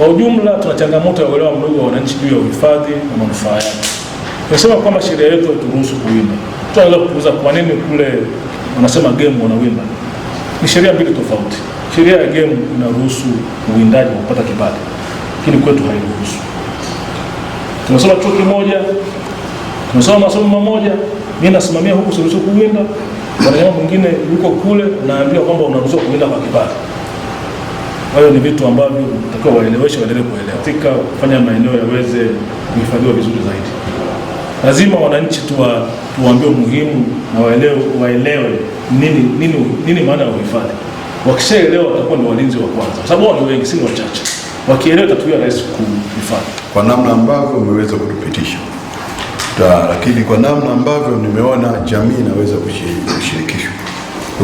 Kwa ujumla, tuna changamoto ya uelewa mdogo wa wananchi juu ya uhifadhi na manufaa yake. Tunasema kwamba sheria yetu haituruhusu kuwinda. Tunaweza kuuza, kwa nini kule wanasema game wanawinda? Ni sheria mbili tofauti. Sheria ya game inaruhusu uwindaji wa kupata kibali, lakini kwetu hairuhusu. Tunasoma chuo kimoja, tunasoma masomo mamoja, mimi nasimamia huku siruhusu kuwinda, mwanachama mwingine yuko kule, naambiwa kwamba unaruhusiwa kuwinda kwa kibali. Hayo ni vitu ambavyo takiwa waeleweshe, waendelee kuelewa katika kufanya maeneo yaweze kuhifadhiwa vizuri zaidi. Lazima wananchi tuwa, tuwaambie umuhimu na waelewe, waelewe nini, nini, nini maana ya uhifadhi. Wakishaelewa watakuwa ni walinzi wa kwanza, kwa sababu wao ni wengi, si wachache. Wakielewa tatuia rahisi kuhifadhi kwa namna ambavyo umeweza kutupitisha Ta, lakini kwa namna ambavyo nimeona jamii inaweza kushirikishwa.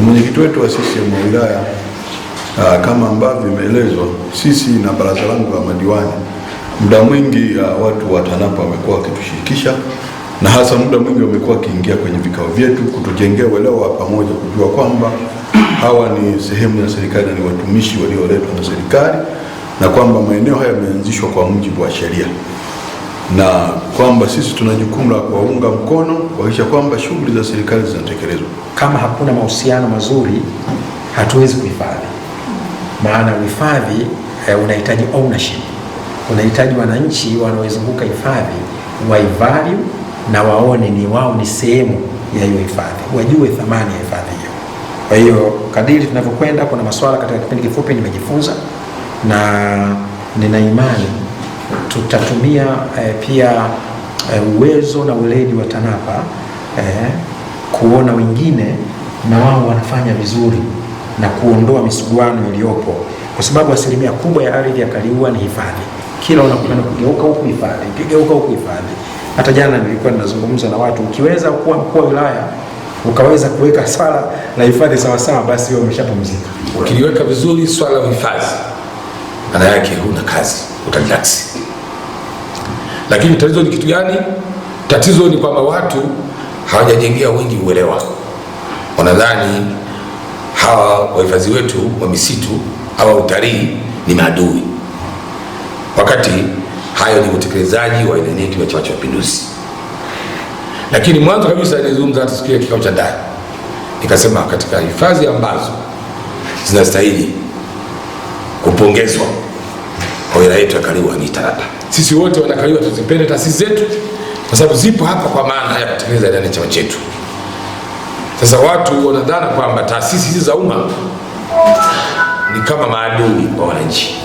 Mwenyekiti wetu wa sisi wa wilaya Uh, kama ambavyo imeelezwa, sisi na baraza langu la madiwani muda mwingi ah, watu wa TANAPA wamekuwa wakitushirikisha na hasa muda mwingi wamekuwa wakiingia kwenye vikao vyetu kutujengea uelewa wa pamoja, kujua kwamba hawa ni sehemu ya serikali na ni watumishi walioletwa na serikali na kwamba maeneo haya yameanzishwa kwa mujibu wa sheria na kwamba sisi tuna jukumu la kuwaunga mkono kuhakikisha kwamba shughuli za serikali zinatekelezwa. Kama hakuna mahusiano mazuri, hatuwezi kuhifadhi maana uhifadhi eh, unahitaji ownership, unahitaji wananchi wanaoizunguka hifadhi waivalue na waone ni wao ni sehemu ya hiyo hifadhi, wajue thamani ya hifadhi hiyo. Kwa hiyo kadiri tunavyokwenda, kuna maswala katika kipindi kifupi nimejifunza na nina imani tutatumia eh, pia eh, uwezo na uledi wa TANAPA eh, kuona wengine na wao wanafanya vizuri na kuondoa misuguano iliyopo, kwa sababu asilimia kubwa ya ardhi ya Kaliua ni hifadhi. Kila unakwenda kugeuka huku hifadhi, kigeuka huku hifadhi. Hata jana nilikuwa ninazungumza na watu, ukiweza kuwa mkuu wa wilaya ukaweza kuweka swala la hifadhi sawasawa, basi wewe umeshapumzika. Ukiliweka vizuri swala la hifadhi, maana yake huna kazi, utarelax. Lakini tatizo ni kitu gani? Tatizo ni kwamba watu hawajajengea wengi uelewa, wanadhani hawa wahifadhi wetu wa misitu hawa utalii ni maadui, wakati hayo ni utekelezaji wa ilani yetu ya Chama cha Mapinduzi. Lakini mwanzo kabisa nilizungumza hata siku ya kikao cha ndani, nikasema katika hifadhi ambazo zinastahili kupongezwa kwa wilaya yetu ya Kaliua ni Tarata. Sisi wote wanakaliwa tuzipende taasisi zetu, kwa sababu zipo hapa kwa maana ya kutekeleza ilani ya chama chetu. Sasa watu wanadhana kwamba taasisi hizi za umma ni kama maadui kwa wananchi,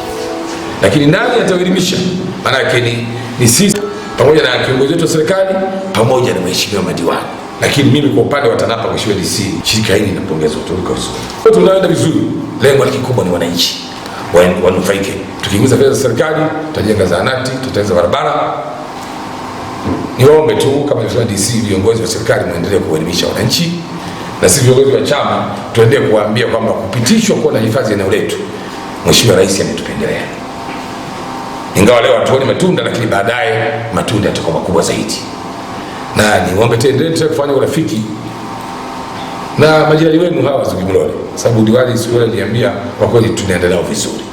lakini nani ataelimisha? Maanake ni, ni sisi pamoja na kiongozi wetu wa serikali pamoja na mheshimiwa madiwani. Lakini mimi kwa upande wa TANAPA, mheshimiwa DC, shirika hili linapongezwa, tunaenda vizuri, tunaenda vizuri. Lengo likubwa ni wananchi wanufaike. Tukiingiza fedha za serikali, tutajenga zahanati, tutaweza barabara. Niwaombe tu kama DC, viongozi wa serikali, mwendelee kuelimisha wananchi na sisi viongozi wa chama tuendee kuambia kwamba kupitishwa kuwa na hifadhi eneo letu, Mheshimiwa Rais ametupendelea, ingawa leo hatuoni matunda, lakini baadaye matunda yatakuwa makubwa zaidi. Na niombe tendeni kufanya urafiki na majirani wenu hawa Zugimlole, sababu diwani siku ile kwa kweli tunaendelea vizuri.